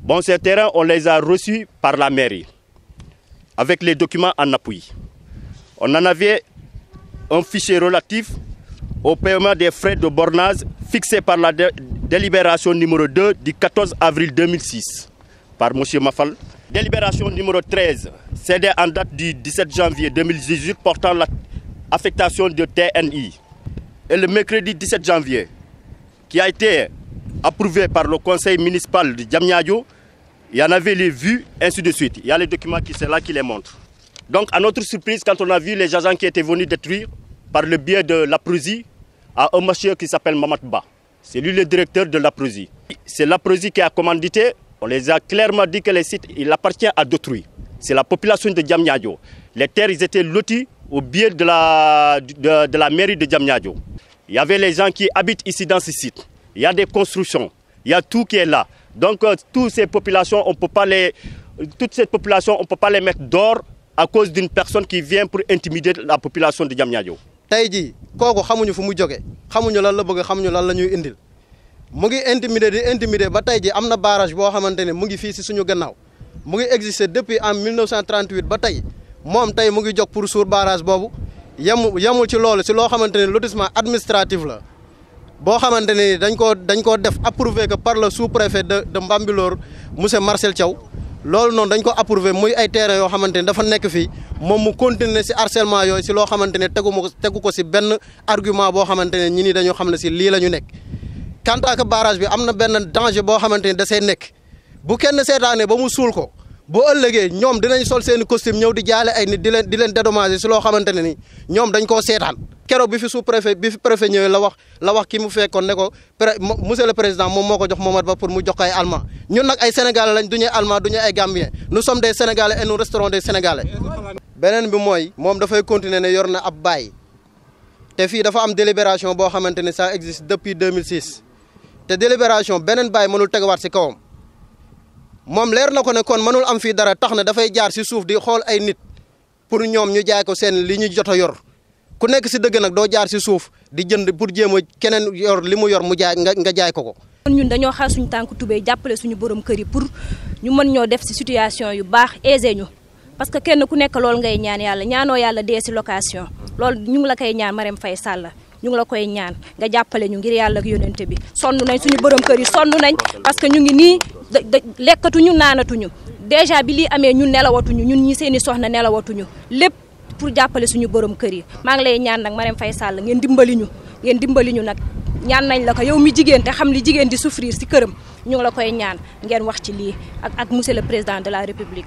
Bon, ces terrains, on les a reçus par la mairie, avec les documents en appui. On en avait un fichier relatif au paiement des frais de bornage fixé par la délibération numéro 2 du 14 avril 2006 par M. Mafal. Délibération numéro 13, cédée en date du 17 janvier 2018 portant l'affectation de TNI. Et le mercredi 17 janvier, qui a été approuvé par le conseil municipal de Djamniadio. Il y en avait les vues, ainsi de suite. Il y a les documents qui sont là qui les montrent. Donc, à notre surprise, quand on a vu les agents qui étaient venus détruire, par le biais de la à un monsieur qui s'appelle Mamadba, C'est lui le directeur de la C'est la qui a commandité. On les a clairement dit que les sites, il appartient à d'autrui. C'est la population de Djamniadio. Les terres, ils étaient lotis au biais de la, de, la mairie de Djamniadio. Il y avait les gens qui habitent ici dans ce site il y a des constructions, il y a tout qui est là. Donc euh, toutes ces populations, on peut pas les, toute cette population, on peut pas les mettre dehors à cause d'une personne qui vient pour intimider la population de Diamniadio. tey jii kooku xamuñu fu mu jóge lalanyu lan la bëgg lan la ñuy indil mu ngi intimider di intimider ba tey jii barrage boo xamante mu ngi fii si suñu gannaaw mu ngi exister depuis en 1938 ba Moi, moom tey mu ngi pour Sur barrage Bobu. yemul yemul ci loolu si loo xamante lotissement administratif la. boo xamante ne dañ koo dañ koo def approuvé que par le sous-préfet de de Mbambilor monsieur Marcel Thiaw loolu noonu dañ ko approuvé muy ay terrain yoo xamante ne dafa nekk fii moom mu continuer si harcèlement yooyu si loo xamante ne tegu tegu ko si benn argument boo xamante ne ñi ni dañoo xam ne si lii la ñu nekk. quant à bi am na benn danger boo xamante ne da see nekk bu kenn seetaanee ba mu suul ko boo ëllëgee ñoom dinañ sol seen i ñëw di jaale ay nit di leen di leen dédommager si loo xamante ne ni ñoom dañ koo seetaan. keroog bi fi sous préfet bi fi préfet ñëwee la wax la wax ki mu fekkoon ne ko monsieur le président mom moko jox Momar Ba pour mu jox ko ay allemand ñun nak ay sénégalais lañ du ñuy allemand du ay gambien nous sommes des sénégalais et nous resterons des sénégalais. benen bi moy mom da fay continuer né yorna na ab baay te fii dafa am délibération bo xamanténi ça existe depuis 2006 té délibération beneen baay mënul wat ci kawam mom leer nako né kon mënul am fi dara tax na fay jaar ci souf di xol ay nit pour ñom ñu jaay ko seen li ñu jot yor. ku nekk si dëgg nag doo jaar si suuf di jënd pour jéem a keneen yor li mu yor mu jaay nga nga jaay ko ko. kon ñun dañoo xaar suñu tànk tubéy jàppale suñu borom kër yi pour ñu mën ñoo def si situation yu baax aisé ñu parce que kenn ku nekk loolu ngay ñaan yàlla ñaanoo yàlla dee si location loolu ñu ngi la koy ñaan mareem fay sàlla ñu ngi la koy ñaan nga jàppale ñu ngir yàlla ak yonent bi sonn nañ suñu borom kër yi sonn nañ parce que ñu ngi nii da lekkatuñu naanatuñu déjà bi lii amee ñun nelawatuñu ñun ñi seeni soxna nelawatuñu lépp pour jàppale suñu borom kër yi maa ngi lay ñaan nag Marème Faye Sall ngeen dimbali ñu ngeen dimbali ñu nag ñaan nañ la ko yow mi jigéen te xam li jigéen di souffrir si këram ñu ngi la koy ñaan ngeen wax ci lii ak ak monsieur président de la république.